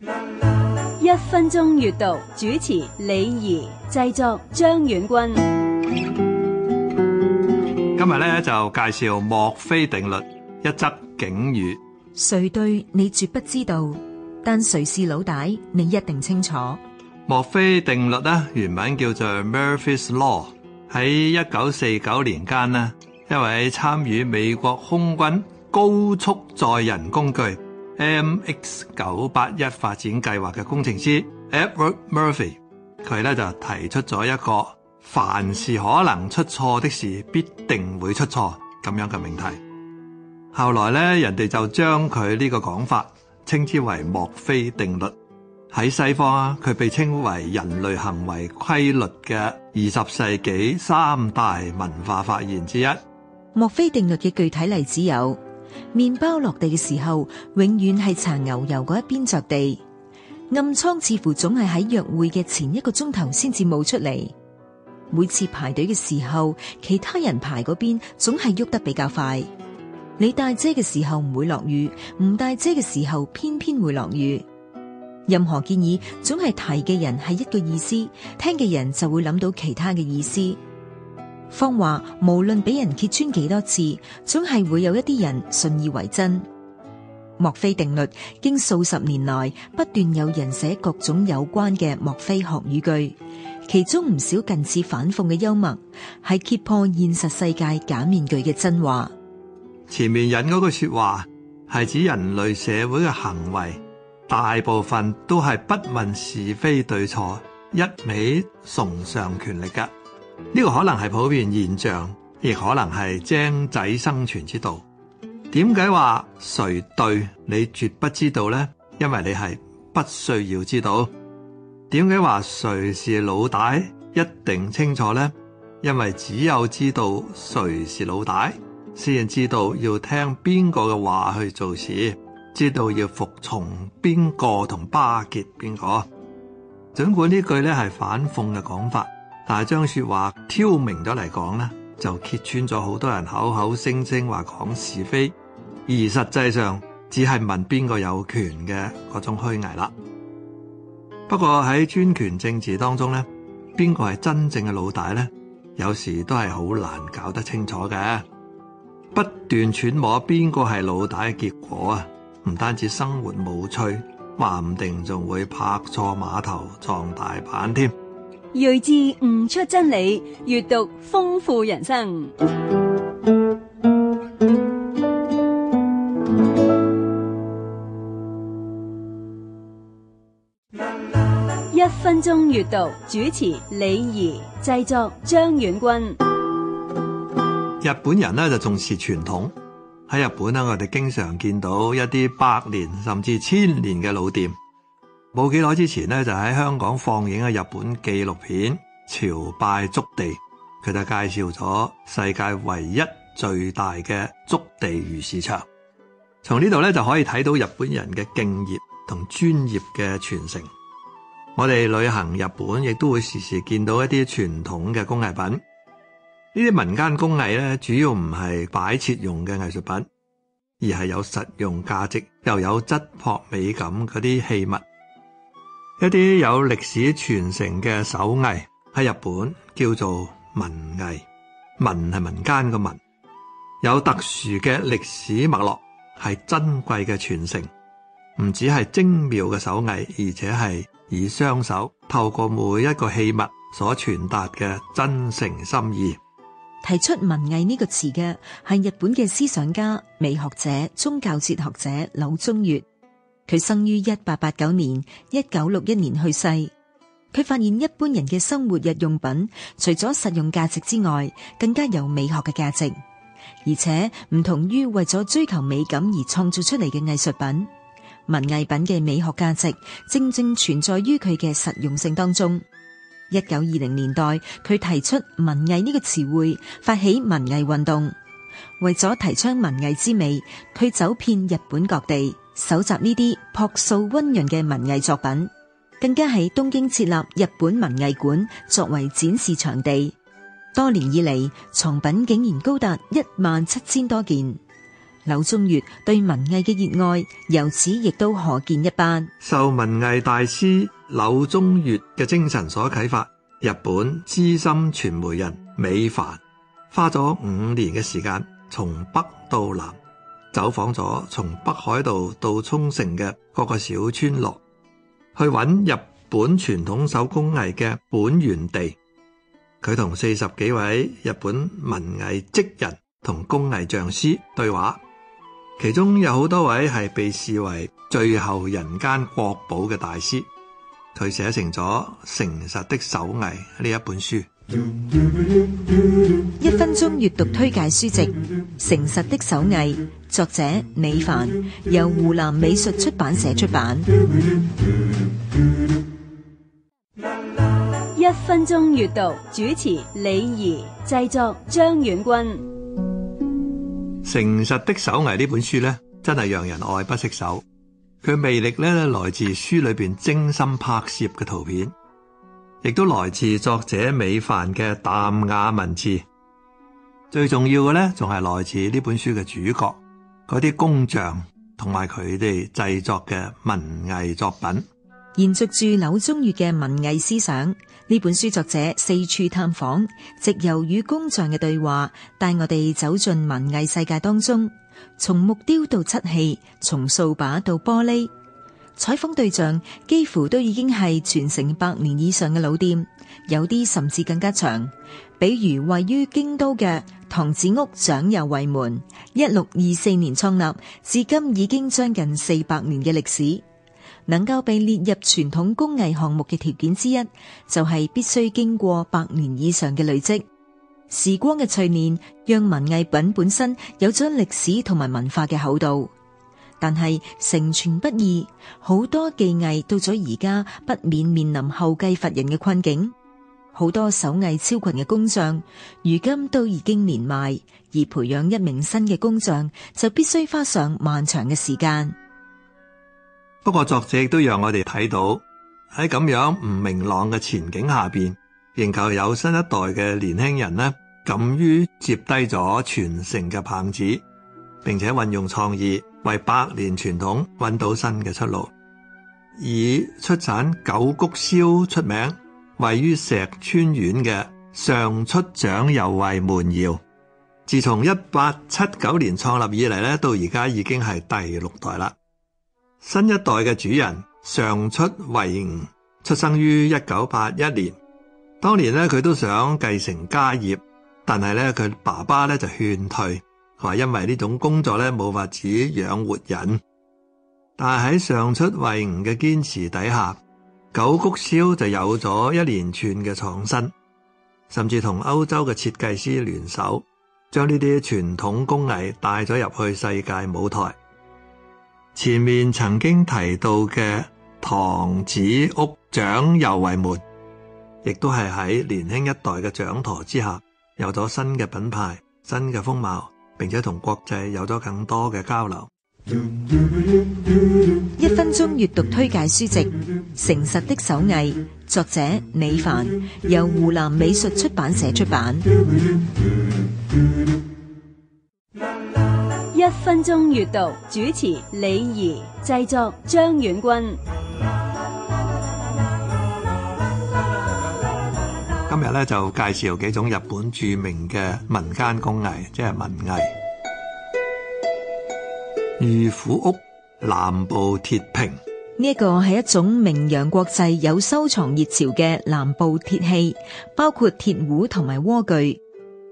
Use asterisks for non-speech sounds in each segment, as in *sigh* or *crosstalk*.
一分鐘閱讀主持李儀製作張遠軍，今日咧，就介紹莫非定律，一則警語。誰對你絕不知道，但誰是老大，你一定清楚。莫非定律咧，原名叫做 Murphy's Law。喺一九四九年間咧，一位參與美國空軍高速載人工具。MX 九八一發展計劃嘅工程師 Edward Murphy，佢咧就提出咗一個凡是可能出錯的事必定會出錯咁樣嘅命題。後來咧，人哋就將佢呢個講法稱之為莫非定律。喺西方，佢被稱為人類行為規律嘅二十世紀三大文化發現之一。莫非定律嘅具體例子有。麵包落地嘅時候，永遠係搽牛油嗰一邊着地。暗瘡似乎總係喺約會嘅前一個鐘頭先至冒出嚟。每次排隊嘅時候，其他人排嗰邊總係喐得比較快。你帶遮嘅時候唔會落雨，唔帶遮嘅時候偏偏會落雨。任何建議總係提嘅人係一個意思，聽嘅人就會諗到其他嘅意思。方話無論被人揭穿幾多次，總係會有一啲人信以為真。莫非定律經數十年來不斷有人寫各種有關嘅莫非學語句，其中唔少近似反諷嘅幽默，係揭破現實世界假面具嘅真話。前面引嗰句說話，係指人類社會嘅行為，大部分都係不問是非對錯，一味崇尚權力嘅。呢個可能係普遍現象，亦可能係精仔生存之道。點解話誰對，你絕不知道呢？因為你係不需要知道。點解話誰是老大，一定清楚呢？因為只有知道誰是老大，先至知道要聽邊個嘅話去做事，知道要服從邊個同巴結邊個。盡管呢句咧係反諷嘅講法。但係將説話挑明咗嚟講呢，就揭穿咗好多人口口聲聲話講是非，而實際上只係問邊個有權嘅嗰種虛偽啦。不過喺專權政治當中呢，邊個係真正嘅老大呢，有時都係好難搞得清楚嘅。不斷揣摩邊個係老大嘅結果啊，唔單止生活冇趣，話唔定仲會拍錯碼頭撞大板添。睿智悟出真理，閱讀豐富人生。 *music* 一分鐘閱讀，主持李儀，製作張遠軍。日本人呢，就重視傳統，喺日本呢，我哋經常見到一啲百年甚至千年嘅老店。冇幾耐之前咧，就喺香港放映嘅日本紀錄片《潮拜築地》，佢就介紹咗世界唯一最大嘅築地魚市場。從呢度咧就可以睇到日本人嘅敬業同專業嘅傳承。我哋旅行日本，亦都會時時見到一啲傳統嘅工藝品。呢啲民間工藝咧，主要唔係擺設用嘅藝術品，而係有實用價值又有質樸美感嗰啲器物。一啲有歷史傳承嘅手藝喺日本叫做民藝，民係民間嘅民，有特殊嘅歷史脈絡，係珍貴嘅傳承，唔止係精妙嘅手藝，而且係以雙手透過每一個器物所傳達嘅真誠心意。提出民藝呢個詞嘅係日本嘅思想家、美學者、宗教哲學者柳宗悅。佢生於一八八九年，一九六一年去世。佢發現一般人嘅生活日用品，除咗實用價值之外，更加有美學嘅價值，而且唔同於為咗追求美感而創造出嚟嘅藝術品。民藝品嘅美學價值正正存在於佢嘅實用性當中。一九二零年代，佢提出民藝呢個詞彙，發起民藝運動，為咗提倡民藝之美，佢走遍日本各地。搜集呢啲樸素溫潤嘅民藝作品，更加喺東京設立日本民藝館作為展示場地。多年以嚟，藏品竟然高達一萬七千多件。柳宗悅對民藝嘅熱愛，由此亦都可見一斑。受民藝大師柳宗悅嘅精神所啟發，日本資深傳媒人美帆花咗五年嘅時間，從北到南。走訪咗從北海道到沖繩嘅各個小村落，去揾日本傳統手工藝嘅本源地。佢同四十幾位日本文藝職人同工藝匠師對話，其中有好多位係被視為最後人間國寶嘅大師。佢寫成咗《誠實的手藝》呢一本書。一分鐘閱讀推介書籍《誠實的手藝》，作者美帆，由湖南美術出版社出版。一分鐘閱讀主持李儀，製作張遠君。《誠實的手藝》呢本書呢，真係讓人愛不釋手。佢魅力呢，來自書裏邊精心拍攝嘅圖片。亦都來自作者美帆嘅淡雅文字，最重要嘅咧，仲係來自呢本書嘅主角嗰啲工匠同埋佢哋製作嘅民藝作品。延續住柳宗悅嘅民藝思想，呢本書作者四處探訪，藉由與工匠嘅對話，帶我哋走進民藝世界當中，從木雕到漆器，從掃把到玻璃。採訪對象幾乎都已經係傳承百年以上嘅老店，有啲甚至更加長。比如位於京都嘅唐子屋長右衛門，一六二四年創立，至今已經將近四百年嘅歷史。能夠被列入傳統工藝項目嘅條件之一，就係、是、必須經過百年以上嘅累積。時光嘅淬煉，讓文藝品本身有咗歷史同埋文化嘅厚度。但係成全不易，好多技藝到咗而家不免面臨後繼乏人嘅困境。好多手藝超群嘅工匠，如今都已經年邁，而培養一名新嘅工匠就必須花上漫長嘅時間。不過作者亦都讓我哋睇到喺咁樣唔明朗嘅前景下邊，仍舊有新一代嘅年輕人呢，敢於接低咗傳承嘅棒子，並且運用創意，為百年傳統揾到新嘅出路，以出產九谷燒出名，位於石川縣嘅上出長右衛門窯。自從一八七九年創立以嚟咧，到而家已經係第六代啦。新一代嘅主人上出為吾，出生於一九八一年。當年咧佢都想繼承家業，但係咧佢爸爸咧就勸退。佢話因為呢種工作咧冇法子養活人，但係喺上出惠吾嘅堅持底下，九谷燒就有咗一連串嘅創新，甚至同歐洲嘅設計師聯手，將呢啲傳統工藝帶咗入去世界舞台。前面曾經提到嘅唐子屋長右衛門，亦都係喺年輕一代嘅掌舵之下，有咗新嘅品牌、新嘅風貌。並且同國際有咗更多嘅交流。一分鐘閱讀推介書籍《誠實的手藝》，作者美帆，由湖南美術出版社出版。一分鐘閱讀主持李怡，製作張遠軍。咧就介紹幾種日本著名嘅民間工藝，即係民藝。御府屋南部鐵瓶，呢個係一種名揚國際有收藏熱潮嘅南部鐵器，包括鐵壺同埋鍋具。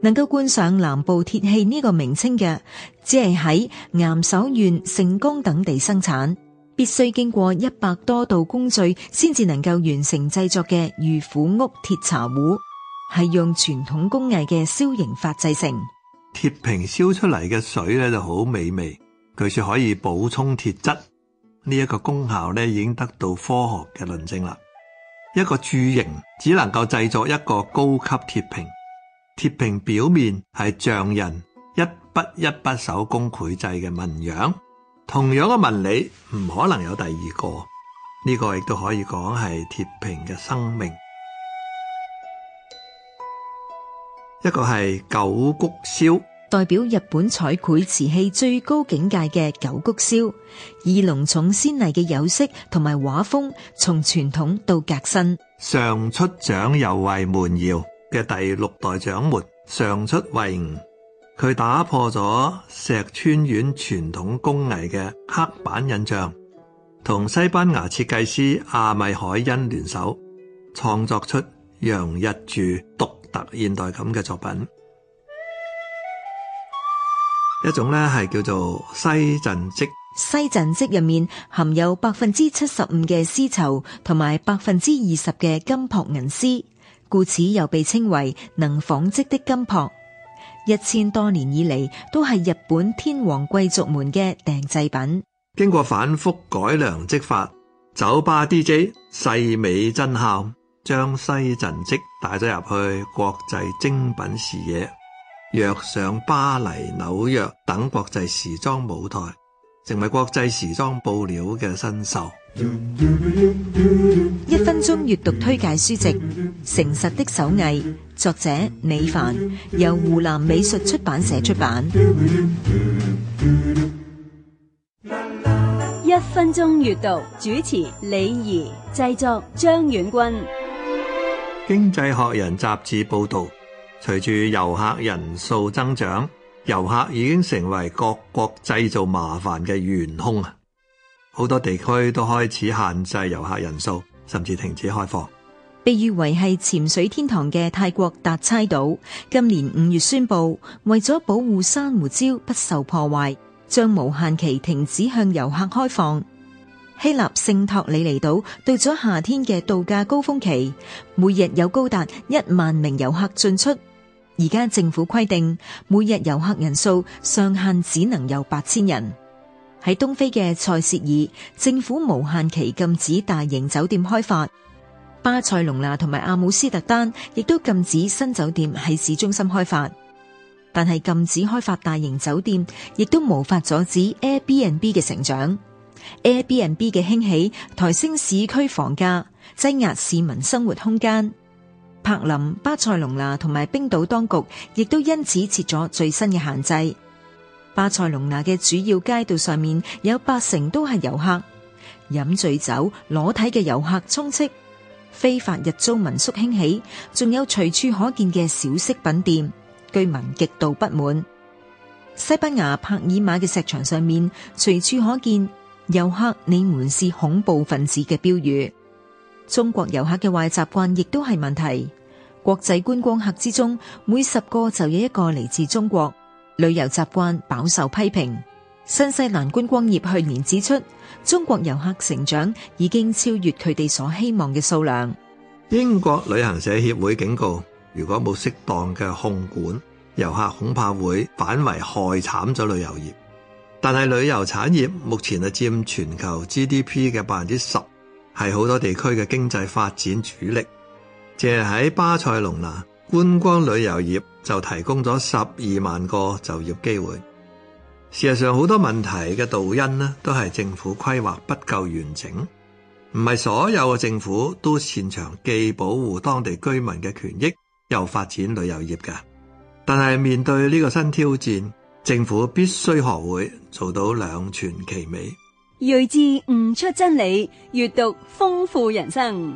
能夠冠上南部鐵器呢個名稱嘅，只係喺岩手縣盛岡等地生產。必須經過一百多道工序，先至能夠完成製作嘅御府屋鐵茶壺，係用傳統工藝嘅燒型法製成。鐵瓶燒出嚟嘅水咧就好美味，據說可以補充鐵質，呢、這、一個功效咧已經得到科學嘅論證啦。一個鑄型只能夠製作一個高級鐵瓶，鐵瓶表面係匠人一筆一筆手工繪製嘅紋樣。同樣嘅文理唔可能有第二個，呢個亦都可以講係鐵瓶嘅生命。一個係九谷燒，代表日本彩繪瓷器最高境界嘅九谷燒，以濃重鮮麗嘅釉色同埋畫風，從傳統到革新。上出長又為門窯嘅第六代掌門，上出為吳。佢打破咗石川縣傳統工藝嘅黑板印象，同西班牙設計師阿米海恩聯手，創作出洋溢住獨特現代感嘅作品。一種呢係叫做西陣織，西陣織入面含有百分之七十五嘅絲綢同埋百分之二十嘅金箔銀絲，故此又被稱為能紡織的金箔。一千多年以嚟都係日本天皇貴族們嘅訂製品，經過反復改良織法，酒吧 dj 細美真巧將西陣織帶咗入去國際精品視野，躍上巴黎、紐約等國際時裝舞台，成為國際時裝布料嘅新秀。一分鐘閱讀推介書籍《誠實的手藝》，作者美帆，由湖南美術出版社出版。一分鐘閱讀主持李怡，製作張遠軍。經濟學人雜誌報道：隨住遊客人數增長，遊客已經成為各國製造麻煩嘅元兇啊！好多地區都開始限制遊客人數，甚至停止開放。被譽為係潛水天堂嘅泰國達差島，今年五月宣布，為咗保護珊瑚礁不受破壞，將無限期停止向遊客開放。希臘聖托里尼島到咗夏天嘅度假高峰期，每日有高達一萬名遊客進出，而家政府規定，每日遊客人數上限只能有八千人。喺東非嘅塞舌爾，政府無限期禁止大型酒店開發；巴塞隆拿同埋阿姆斯特丹亦都禁止新酒店喺市中心開發。但係禁止開發大型酒店，亦都無法阻止 Airbnb 嘅成長。Airbnb 嘅興起抬升市區房價，擠壓市民生活空間。柏林、巴塞隆拿同埋冰島當局亦都因此設咗最新嘅限制。巴塞隆拿嘅主要街道上面有八成都係遊客，飲醉酒裸體嘅遊客充斥，非法日租民宿興起，仲有隨處可見嘅小飾品店，居民極度不滿。西班牙帕爾馬嘅石牆上面，隨處可見遊客，你們是恐怖分子嘅標語。中國遊客嘅壞習慣亦都係問題，國際觀光客之中每十個就有一個嚟自中國。旅遊習慣飽受批評。新西蘭觀光業去年指出，中國遊客成長已經超越佢哋所希望嘅數量。英國旅行社協會警告，如果冇適當嘅控管，遊客恐怕會反為害慘咗旅遊業。但係旅遊產業目前係佔全球 GDP 嘅百分之十，係好多地區嘅經濟發展主力。淨係喺巴塞隆拿。觀光旅遊業就提供咗十二萬個就業機會。事實上，好多問題嘅導因呢，都係政府規劃不夠完整。唔係所有嘅政府都擅長既保護當地居民嘅權益，又發展旅遊業㗎。但係面對呢個新挑戰，政府必須學會做到兩全其美。睿智悟出真理，閱讀豐富人生。